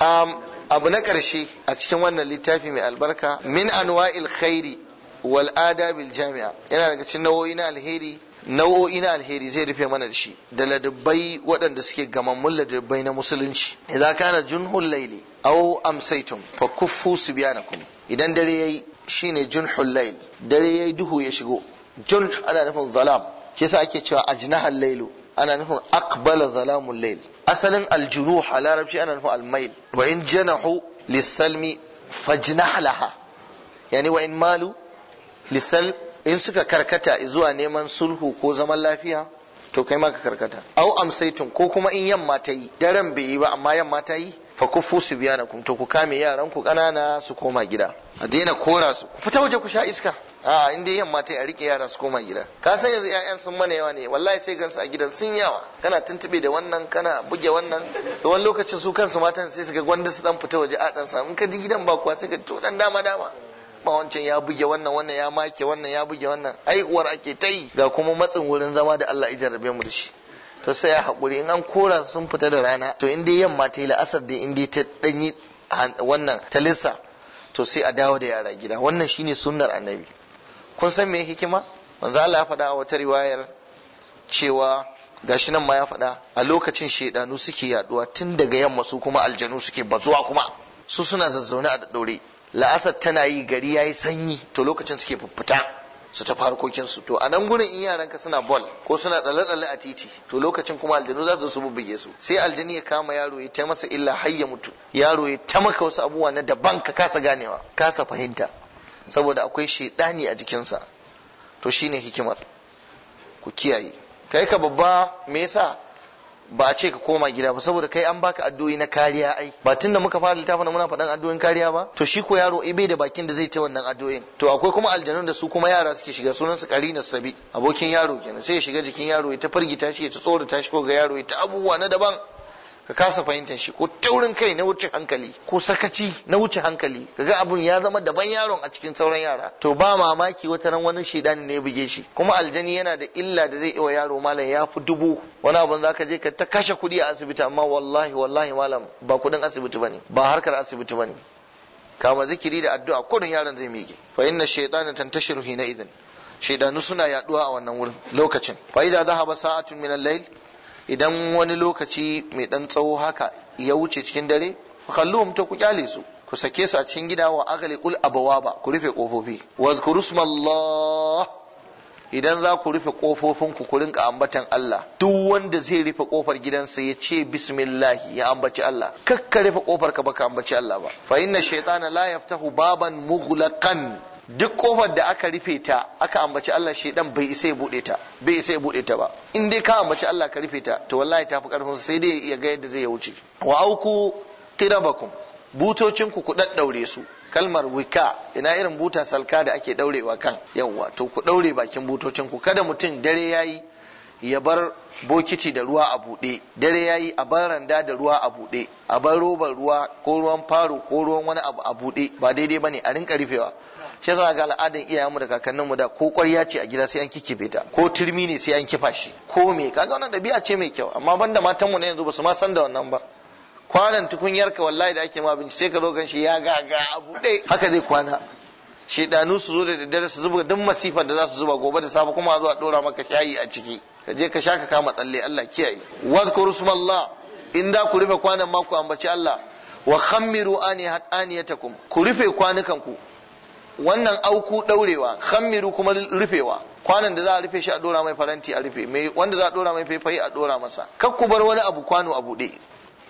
Um, abu na ƙarshe a cikin wannan littafi mai albarka min anwa'il khairi wal adabil jami'a yana daga cikin nau'o'i na alheri nau'o'i na alheri zai rufe mana da shi da ladabbai waɗanda suke gamammun ladabbai na musulunci idza kana junhul layli aw amsaytum fa kuffu subyanakum idan dare yayi shine junhul layl dare yayi duhu ya shigo Jun ana nufin zalam shi yasa ake cewa ajnahal laylu ana nufin aqbala zalamun layl asalin aljiru a larabci ana nufin almail wa in janahu lissalmi fajnah laha yani wa in malu lissal in suka karkata zuwa neman sulhu ko zaman lafiya to kai ma ka karkata au amsaitun ko kuma in yamma ta yi daren bai yi ba amma yamma ta yi fa ku fusu biya na to ku kame yaran ku ƙanana su koma gida a daina kora su ku fita waje ku sha iska a inda yamma ta a rike yara su koma gida ka san yanzu ƴaƴan sun mana yawa ne wallahi sai gansu a gidan sun yawa kana tuntube da wannan kana buge wannan da wani lokacin su kansu matan sai su ga gwanda su dan fita waje a dan samu in ka ji gidan ba kuwa sai ka to dan dama dama ma wancan ya buge wannan wannan ya make wannan ya buge wannan ai uwar ake ta yi ga kuma matsin wurin zama da Allah ya jarrabe mu da shi to sai ya haƙuri in an kora sun fita da rana to in dai yamma ta yi la'asar da in dai ta danyi wannan ta lissa to sai a dawo da yara gida wannan shine sunnar annabi kun san me hikima manzo Allah ya faɗa a wata riwayar cewa gashi nan ma ya faɗa a lokacin shedanu suke yaduwa tun daga yamma su kuma aljanu suke bazuwa kuma su suna zazzaune a daɗaure la'asar tana yi gari ya yi sanyi to lokacin suke fuffuta su tafi harkokin su to a nan gurin in yaranka suna bol ko suna tsalle tsalle a titi to lokacin kuma aljanu za su su bubbuge su sai aljani ya kama yaro ya ta masa illa har ya mutu yaro ya ta maka wasu abubuwa na daban ka kasa ganewa kasa fahimta saboda akwai shaidani a jikinsa to shine hikimar ku kiyaye kai ka babba me yasa ba a ce ka koma gida ba saboda kai an baka addu'o'i na kariya ai ba tun da muka fara littafin muna faɗan addu'o'in kariya ba to shi ko yaro eh, ibe da bakin da zai ta wannan addu'o'in to akwai kuma aljanun da su kuma yara suke shiga sunan su karina sabi abokin yaro kenan sai ya shiga jikin yaro ya ta firgita shi ya ta tsorata shi ko ga yaro ya ta abubuwa na daban ka kasa fahimtar shi ko taurin kai na wuce hankali ko sakaci na wuce hankali kaga abun ya zama daban yaron a cikin sauran yara to ba mamaki wata ran wani shedani ne ya buge shi kuma aljani yana da illa da zai iwa yaro malam ya fi dubu wani abun zaka je ka ta kashe kuɗi a asibiti amma wallahi wallahi malam ba kuɗin asibiti bane ba harkar asibiti bane kama zikiri da addu'a kurin yaron zai mike fa inna shaytana tantashiru hina idin shaidanu suna yaduwa a wannan wurin lokacin fa idza dhahaba sa'atun min al-layl idan wani lokaci mai dan tsawo haka ya wuce cikin dare khalluhum ta ku kyale su ku sake su a cikin gida wa agali aghliqul ba ku rufe kofofi wazkurusmallah idan za ku rufe kofofin ku rinka ambatan Allah duk wanda zai rufe kofar gidansa ya ce bismillah ya ambaci Allah kakka rufe kofar ka baka ambaci Allah ba fa inna shaytana la yaftahu baban mughlaqan duk kofar da aka rufe ta aka ambaci Allah shedan bai isa ya bude ta bai isa ya bude ta ba in dai ka ambaci Allah ka rufe ta to wallahi tafi karfin sai dai ya ga yadda zai wuce wa auku qirabakum butocin ku ku daddaure su kalmar wika ina irin buta salka da ake daurewa kan yawwa to ku daure bakin butocin ku kada mutum dare yayi ya bar bokiti da ruwa a buɗe dare yayi a bar randa da ruwa a buɗe a bar robar ruwa ko ruwan faro ko ruwan wani abu a buɗe ba daidai bane a rinka rufewa shi yasa ga al'adan iyayenmu da kakanninmu da ko ƙwarya ce a gida sai an kikibe ta ko turmi ne sai an kifa shi ko me kaga wannan ɗabi'a ce mai kyau amma banda mu na yanzu ba su ma san da wannan ba kwanan ka wallahi da ake ma abinci sai ka zo gan ya ya ga a buɗe haka zai kwana shedanu su zo da daddare su zuba duk masifar da za su zuba gobe da safe kuma a dora maka shayi a ciki ka je ka sha ka kama tsalle Allah kiyaye wazkuru smallah in da ku rufe kwanan ma ku ambaci Allah wa khammiru aniyatakum ku rufe kwanukan ku wannan auku daurewa khammiru kuma rufewa kwanan da za a rufe shi a dora mai faranti a rufe mai wanda za a dora mai faifayi a dora masa kar ku bar wani abu kwano a bude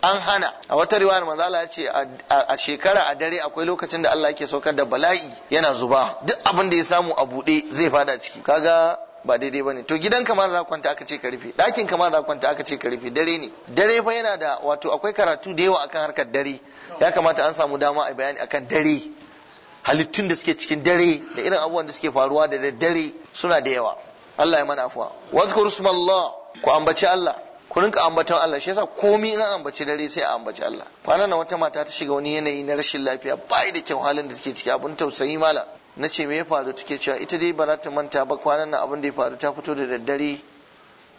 an hana a wata riwaya manzo Allah ya ce a shekara a dare akwai lokacin da Allah yake saukar da bala'i yana zuba duk abin da ya samu a bude zai fada ciki kaga ba daidai bane to gidan ma za kwanta aka ce ka rufe ɗakin ma za kwanta aka ce ka rufe dare ne dare fa yana da wato akwai karatu da yawa akan harkar dare ya kamata an samu dama a bayani akan dare halittun da suke cikin dare da irin abubuwan da suke faruwa da daddare suna da yawa Allah ya mana afuwa wazkur Allah ku ambaci Allah ku rinka ambatan Allah shi yasa komi in ambaci dare sai a ambaci Allah kwana na wata mata ta shiga wani yanayi na rashin lafiya bai da kyau halin da suke ciki abun tausayi mala na ce me ya faru take cewa ita dai ba za ta manta ba kwanan na abun da ya faru ta fito da daddare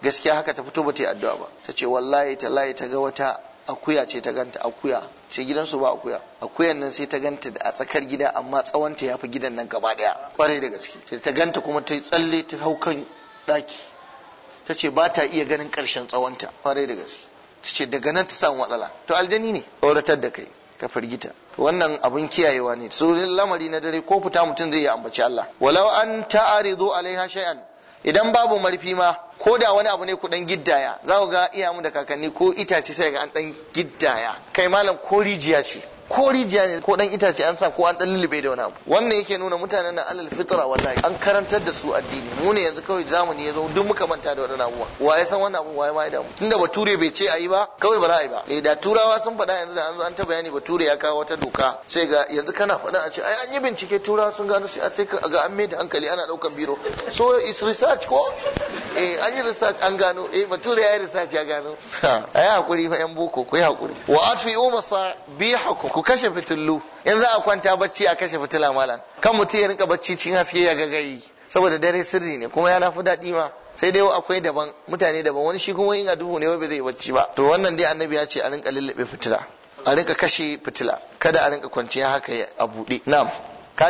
gaskiya haka ta fito ba ta yi addu'a ba ta ce wallahi ta layi ta ga wata akuya ce ta ganta akuya ce gidansu ba akuya akuyan nan sai ta ganta da a tsakar gida amma tsawonta ya fi gidan nan gaba daya kwarai da gaske ta ganta kuma ta tsalle ta hau kan daki ta ce ba ta iya ganin karshen tsawonta kwarai da gaske ta ce daga nan ta samu matsala to aljani ne tsoratar da kai ka firgita wannan abin kiyayewa ne su lamari na dare ko fita mutum zai yi ambaci Allah walau an ta'aridu alaiha shay'an idan babu marfi ma ko da wani abu ne ku dan giddaya za ku ga iyamu da kakanni ko itace sai ga an dan giddaya kai malam ko rijiya ce ko rijiya ne ko dan itace an sa ko an dan lulube da wani abu wannan yake nuna mutanen na alal fitra wallahi an karantar da su addini mu ne yanzu kawai zamani ya zo duk muka manta da wannan abubuwa wa ya san wannan abu wa ya ma damu tunda bature bai ce ayi ba kawai ba za a yi ba eh da turawa sun faɗa yanzu da an zo an ta bayani bature ya kawo wata doka sai ga yanzu kana faɗa a ce ai an yi bincike turawa sun gano sai sai ga an mai da hankali ana daukan biro so is research ko eh an yi research an gano eh bature ya yi research ya gano ai hakuri fa yan boko ku yi hakuri wa bi hakuku ku kashe fitillu in za a kwanta bacci a kashe fitila malam kan mutum ya rinka bacci cikin haske ya gagayi saboda dare sirri ne kuma yana fi daɗi ma sai dai akwai daban mutane daban wani shi kuma in a duhu ne wai ba zai bacci ba to wannan dai annabi ya ce a rinka lullube fitila a rinka kashe fitila kada a rinka kwanciya haka a buɗe na'am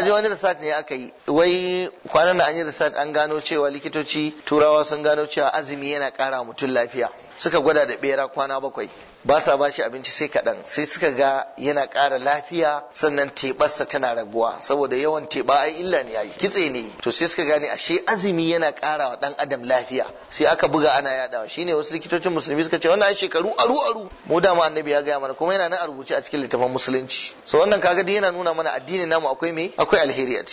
ji wani risat ne aka yi wai kwanan da an yi risat an gano cewa likitoci turawa sun gano cewa azumi yana kara mutum lafiya suka gwada da bera kwana bakwai ba sa ba shi abinci sai kaɗan sai suka ga yana ƙara lafiya sannan teɓarsa tana raguwa saboda yawan teɓa ai illa ne yayi kitse ne to sai suka gane ashe azumi yana ƙara wa ɗan adam lafiya sai aka buga ana yaɗawa shine wasu likitocin musulmi suka ce wannan shekaru aru aru mu da ma annabi ya gaya mana kuma yana nan a rubuce a cikin littafin musulunci so wannan kaga dai yana nuna mana addinin namu akwai me akwai alheri